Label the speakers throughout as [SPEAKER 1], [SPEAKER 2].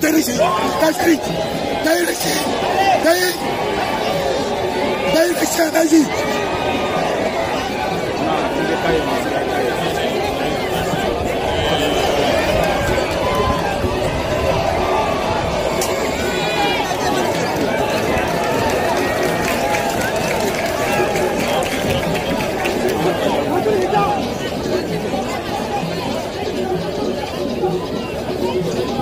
[SPEAKER 1] рыси, дай рыси! Дай стрик! Дай
[SPEAKER 2] рыси!
[SPEAKER 3] Дай! Дай рыси, дай рыси! Thank you.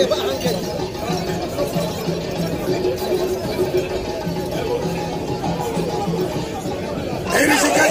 [SPEAKER 4] ne ba hankali Irish